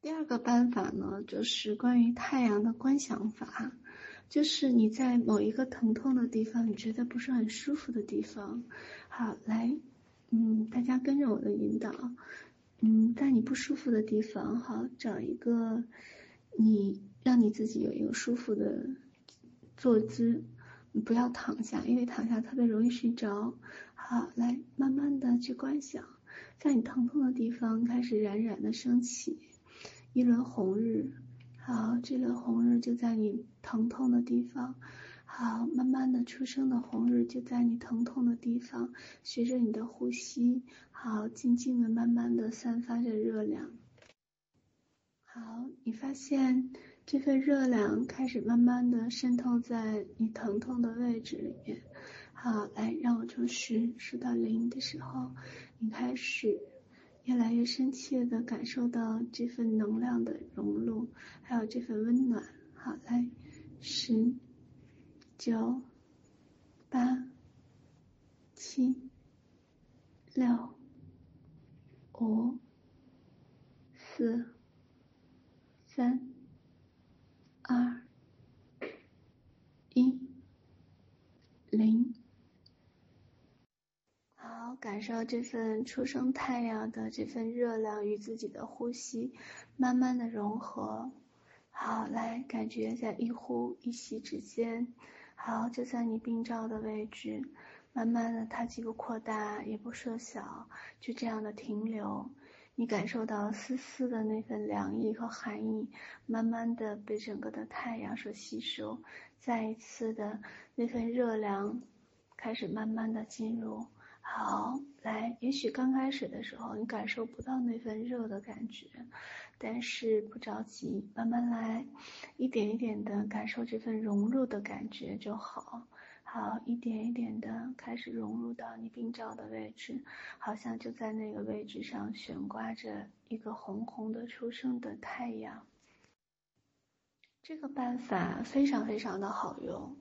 第二個辦法呢，就是關於太陽的觀想法，就是你在某一個疼痛的地方，你覺得不是很舒服的地方，好來，嗯，大家跟着我的引導，嗯，在你不舒服的地方，好，找一個你讓你自己有一個舒服的坐姿，你不要躺下，因為躺下特別容易睡着，好來，慢慢的去觀想，在你疼痛的地方開始冉冉的升起。一輪紅日，好，這輪紅日就在你疼痛的地方，好，慢慢的初生的紅日就在你疼痛的地方，隨着你的呼吸，好，靜靜的慢慢的散發着熱量，好，你發現這份熱量開始慢慢的滲透在你疼痛的位置裡面，好，來，讓我從十數到零的時候，你開始。越來越深切地感受到這份能量的融入，還有這份溫暖。好，來，十、九、八、七、六、五、四、三、二、一、零。感受這份初生太陽的這份熱量與自己的呼吸，慢慢的融合。好，來感覺在一呼一吸之間。好，就在你病灶的位置，慢慢的它既不擴大也不縮小，就這樣的停留。你感受到絲絲的那份涼意和寒意，慢慢的被整個的太陽所吸收，再一次的那份熱量開始慢慢的進入。好，來，也許剛開始的時候你感受不到那份熱的感覺，但是不着急，慢慢來，一點一點的感受這份融入的感覺就好。好，一點一點的開始融入到你病灶的位置，好像就在那個位置上懸掛着一個紅紅的初升的太陽。這個辦法非常非常的好用，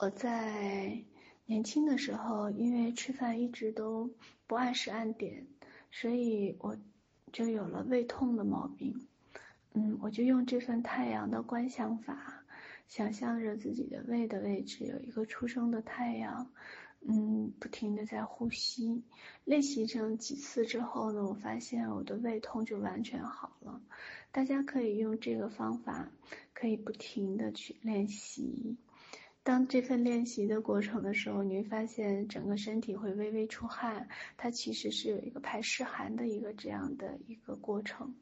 我在，年輕的時候，因為吃飯一直都不按時按點，所以我就有了胃痛的毛病。嗯，我就用這份太陽的觀想法，想象着自己的胃的位置有一個初升的太陽，嗯，不停的在呼吸。練習成幾次之後呢，我發現我的胃痛就完全好了。大家可以用這個方法，可以不停的去練習。當這份練習的過程的時候，你會發現整個身體會微微出汗，它其實是有一個排濕寒的一個這樣的一個過程。